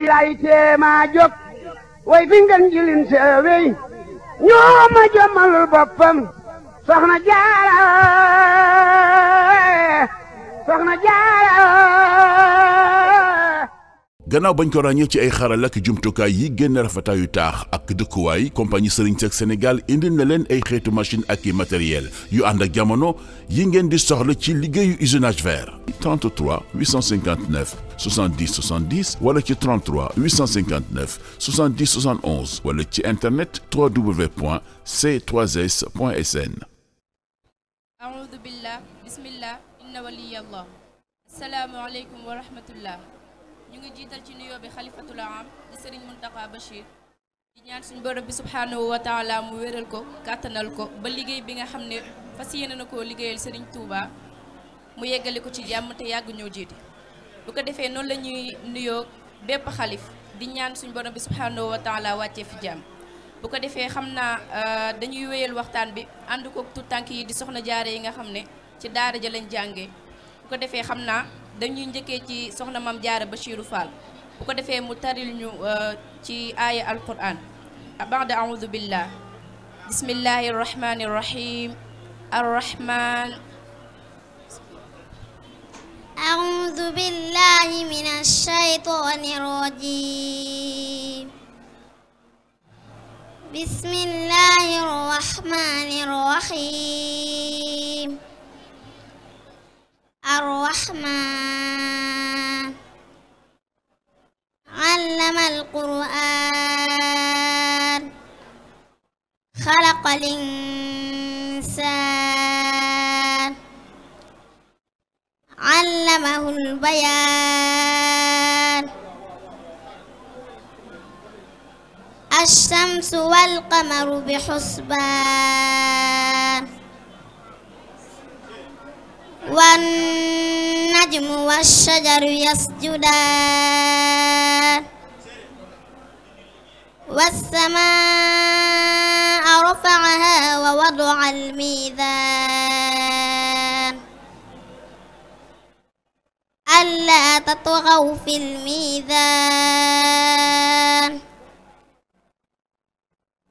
lay tee maa jóg way fi ngeen jilin seewey ñoo ma jommalul boppam soxna soxna jaara gannaaw bañ ko ràññee ci ay xaral ak jumtukaay yi génn rafetaayu taax ak dëkkuwaay compagnie Serigne Seck Sénégal indil na leen ay xeetu machine ak yi matériel yu ànd ak jamono yi ngeen di soxla ci liggéeyu usinage vert. 33 859 70 70 wala ci 33 859 70 71 wala ci internet www.c3s.sn. aoudu billah bismillah inna waliyallah. assalaamu aleykum wa rahmatullah. ñu ngi jiital ci nuyoo bi xalifatul am di sëriñ Muntaqa di ñaan suñ borom bi subhaanahu wa taala mu wéral ko kàttanal ko ba liggéey bi nga xam ne fas yéene na koo liggéeyal sëriñ Touba mu yeggale ko ci jàmm te yàgg ñoo jiite bu ko defee noonu la ñuy nuyoo bépp xalif di ñaan suñu borom bi subhaanahu wa taala wàccee fi jàmm bu ko defee xam naa euh, dañuy wéyal waxtaan bi ànd ko tout tànk yi di soxna jaare yi nga xam ne ci daara ja lañ jàngee bu ko defee xam dañuy njëkkee ci soxna mam jaara Bachiru Fall bu ko defee mu taril ñu euh, ci aaya alquran ba'da a'udhu billah bismillahi arrahmani خلق الإنسان علمه البيان الشمس والقمر بحسبان والنجم والشجر يسجدان والسماء وضع الميزان ألا تطغوا في الميزان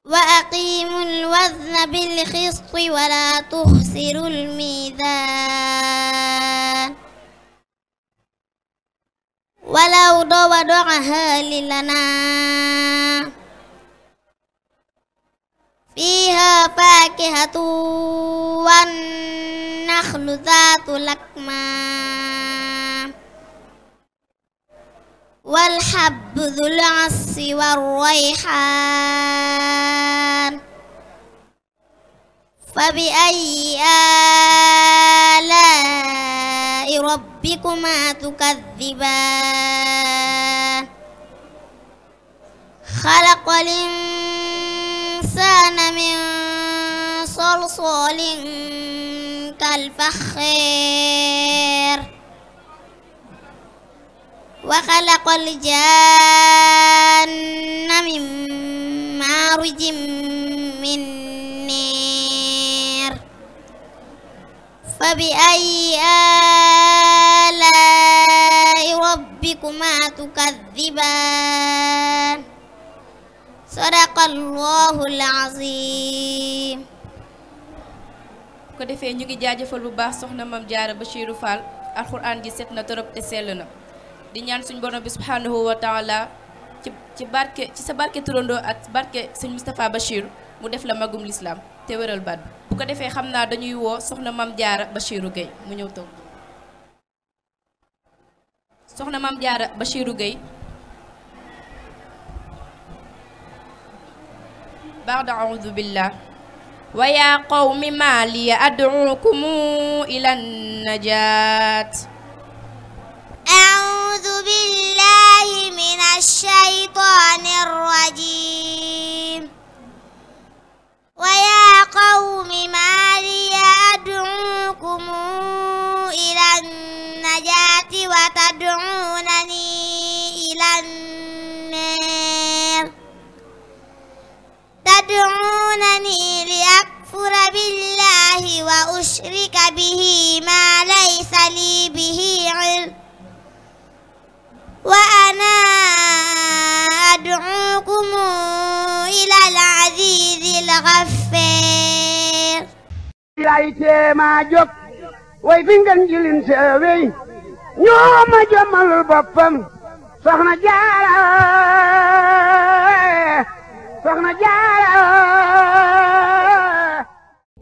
وأقيموا الوزن بالقسط ولا تخسروا الميزان ولو وضعها للناس فيها فاكهة والنخل ذات لكمام والحب ذو العص والريحان فبأي آلاء ربكما تكذبان خلق الإنسان كان من صلصال كالفخير وخلق الجان من مارج من نير فبأي آلاء ربكما تكذبان sadaqallaahul aziim ko defee ñu ngi jaajëfal bu baax soxna Mame Diarra Bachirou Fall alxuraan ji seet na torop te sell na di ñaan suñ borom bi subhaanahu wa ci ci barke sa barke turandoo ak barke sëñ Moustapha Bachir mu def la magum lislaam te wéral baat bi bu ko defee xam naa dañuy woo soxna Mame Diarra Bachirou Gueye mu ñëw toog soxna Mame Gueye بعد أعوذ بالله ويا قوم ما لي أدعوكم إلى النجاة أعوذ بالله من الشيطان الرجيم ويا قوم ما لي أدعوكم إلى النجاة وتدعون يعلمونني لأكفر بالله وأشرك به ما ليس لي به علم وأنا أدعوكم إلى العزيز الغفار lay teema jóg way fi ngeen jilin seewey ñoo ma jëmmalul boppam soxna jaara soxna jaara